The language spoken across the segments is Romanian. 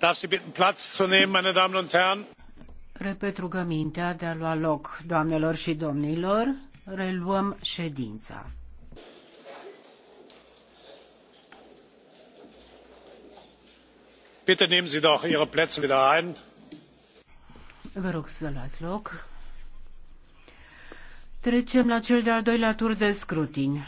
Darf Sie bitten, Platz zu nehmen, meine Damen und Repet rugămintea de a lua loc, doamnelor și domnilor. Reluăm ședința. Bitte nehmen Sie doch Ihre Plätze wieder ein. Vă rog să luați loc. Trecem la cel de-al doilea tur de scrutin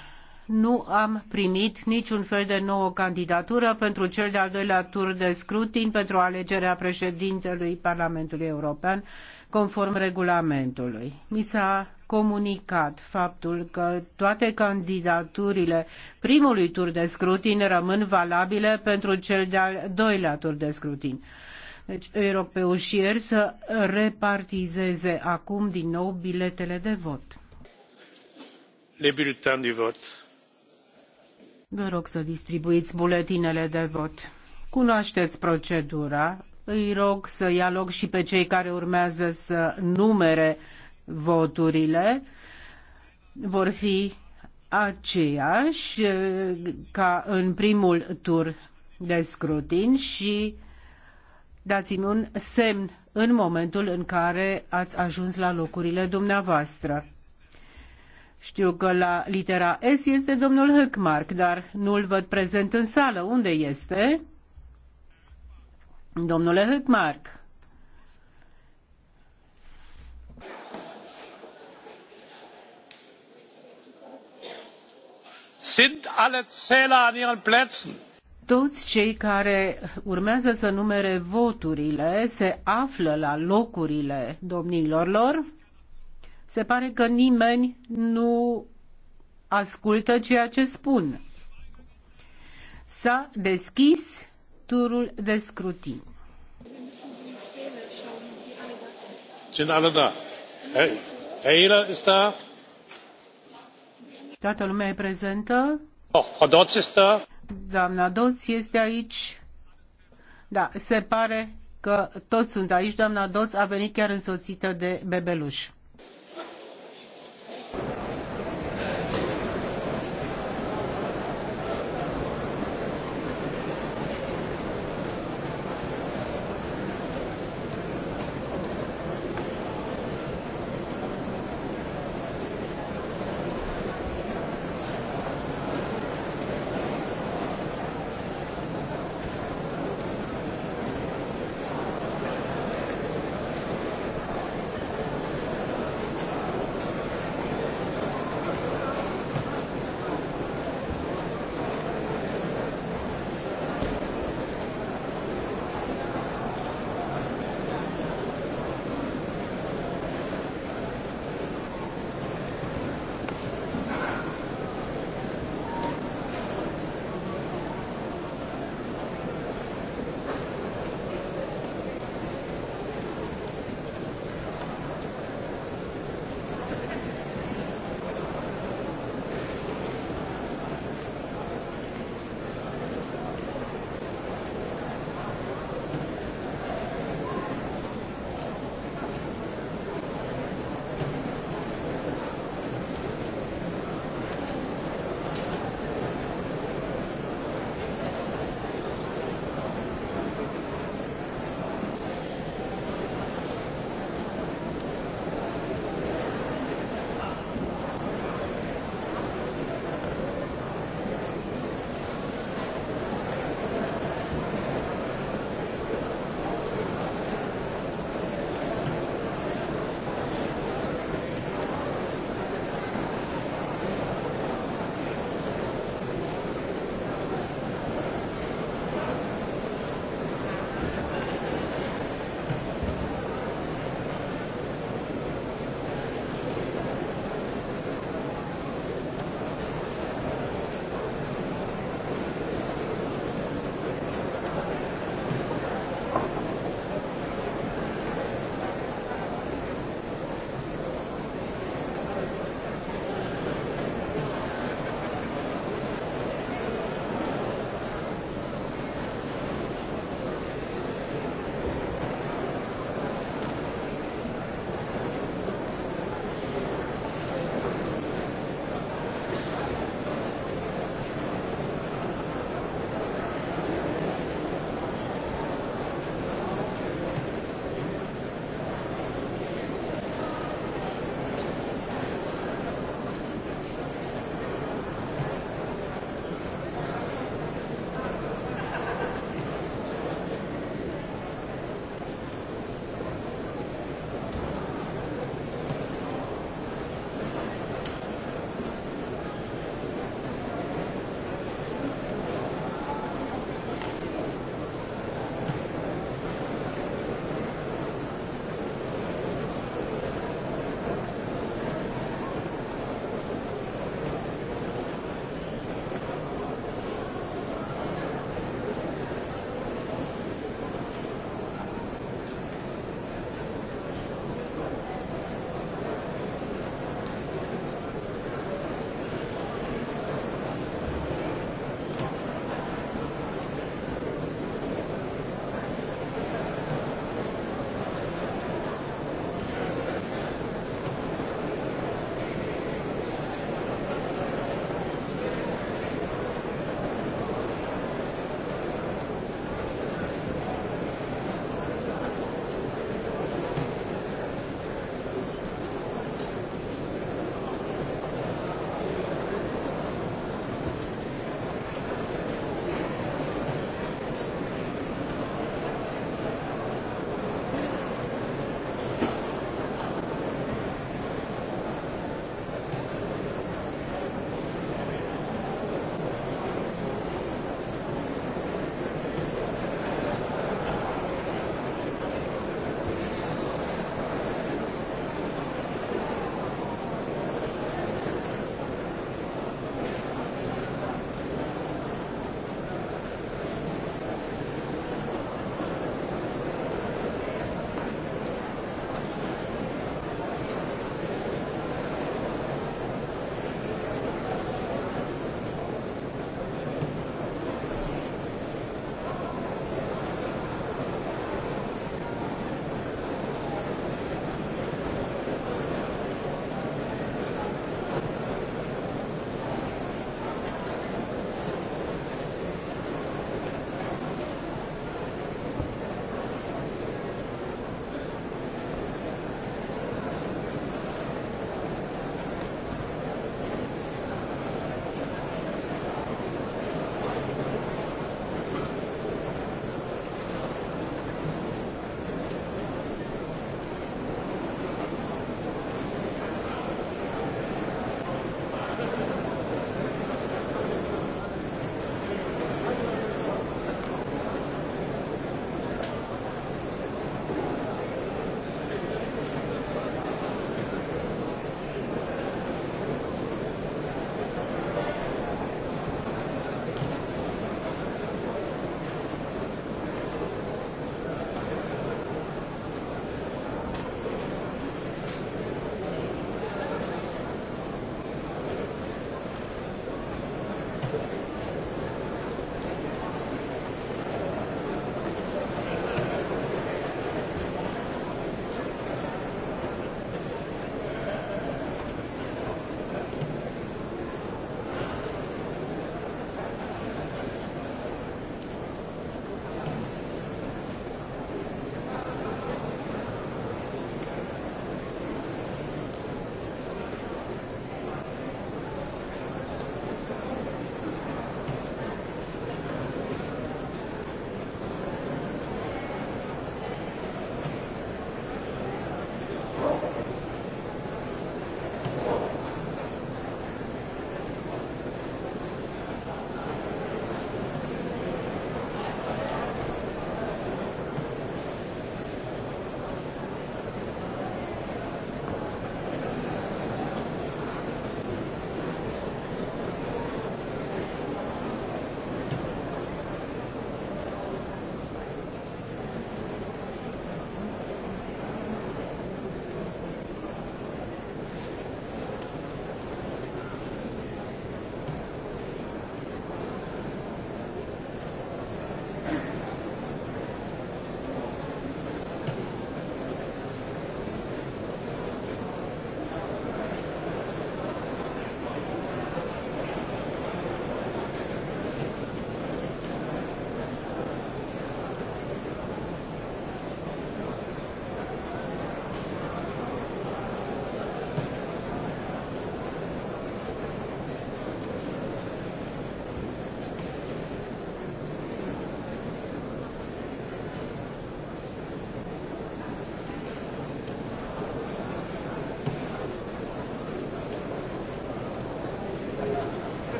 nu am primit niciun fel de nouă candidatură pentru cel de-al doilea tur de scrutin pentru alegerea președintelui Parlamentului European, conform regulamentului. Mi s-a comunicat faptul că toate candidaturile primului tur de scrutin rămân valabile pentru cel de-al doilea tur de scrutin. Deci îi rog pe ușier să repartizeze acum din nou biletele de vot. Le bulletins du vote. Vă rog să distribuiți buletinele de vot. Cunoașteți procedura. Îi rog să ia loc și pe cei care urmează să numere voturile. Vor fi aceiași eh, ca în primul tur de scrutin și dați-mi un semn în momentul în care ați ajuns la locurile dumneavoastră. Știu că la litera S este domnul Hăcmark, dar nu-l văd prezent în sală. Unde este? Domnule Hăcmark. Sunt alle Zähler în ihren Plätzen? Toți cei care urmează să numere voturile se află la locurile domnilor lor. Se pare că nimeni nu ascultă ceea ce spun. S-a deschis turul de scrutin. Sunt alle da. Heila este da. Toată lumea e prezentă. Oh, Frau Dotz este da. Doamna Dotz este aici. Da, se pare că toți sunt aici. Doamna Dotz a venit chiar însoțită de bebeluș.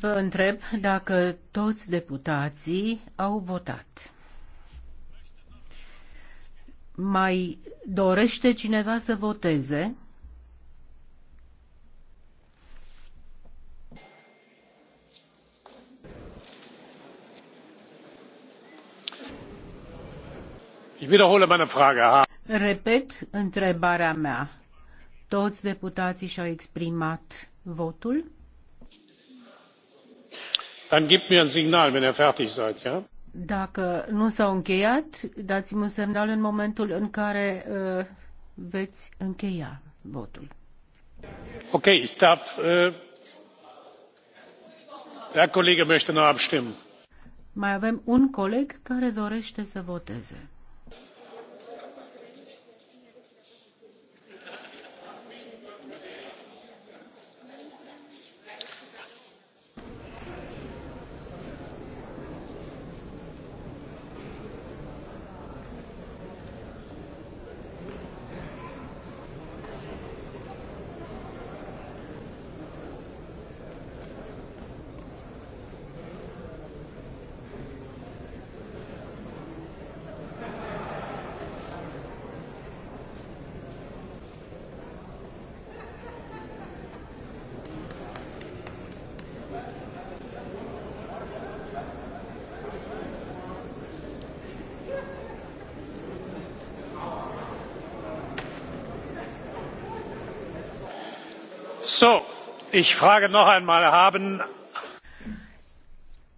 Vă întreb dacă toți deputații au votat. Mai dorește cineva să voteze? Ich wiederhole meine Frage. Repet întrebarea mea. Toți deputații și-au exprimat votul. Dann gebt mir ein Signal, wenn ihr fertig seid, ja? Dacă nu s-au încheiat, dați-mi un semnal în momentul în care uh, veți încheia votul. Ok, ich darf, uh, der Kollege möchte noch abstimmen. Mai avem un coleg care dorește să voteze.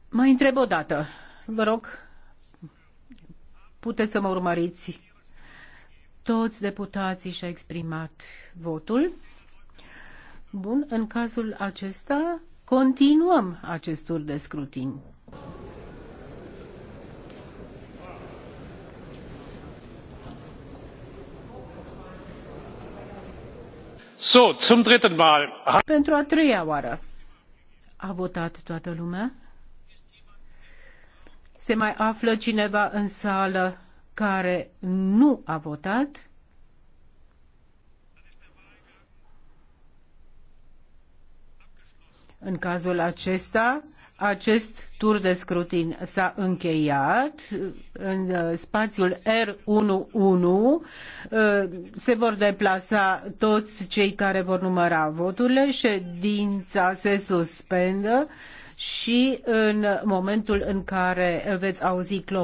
Mai întreb o dată, vă rog, puteți să mă urmăriți. Toți deputații și-au exprimat votul. Bun, în cazul acesta continuăm acest tur de scrutin. Pentru a treia oară. A votat toată lumea? Se mai află cineva în sală care nu a votat? În cazul acesta, acest tur de scrutin s-a încheiat în uh, spațiul R11. Uh, se vor deplasa toți cei care vor număra voturile, ședința se suspendă și în momentul în care veți auzi clopot,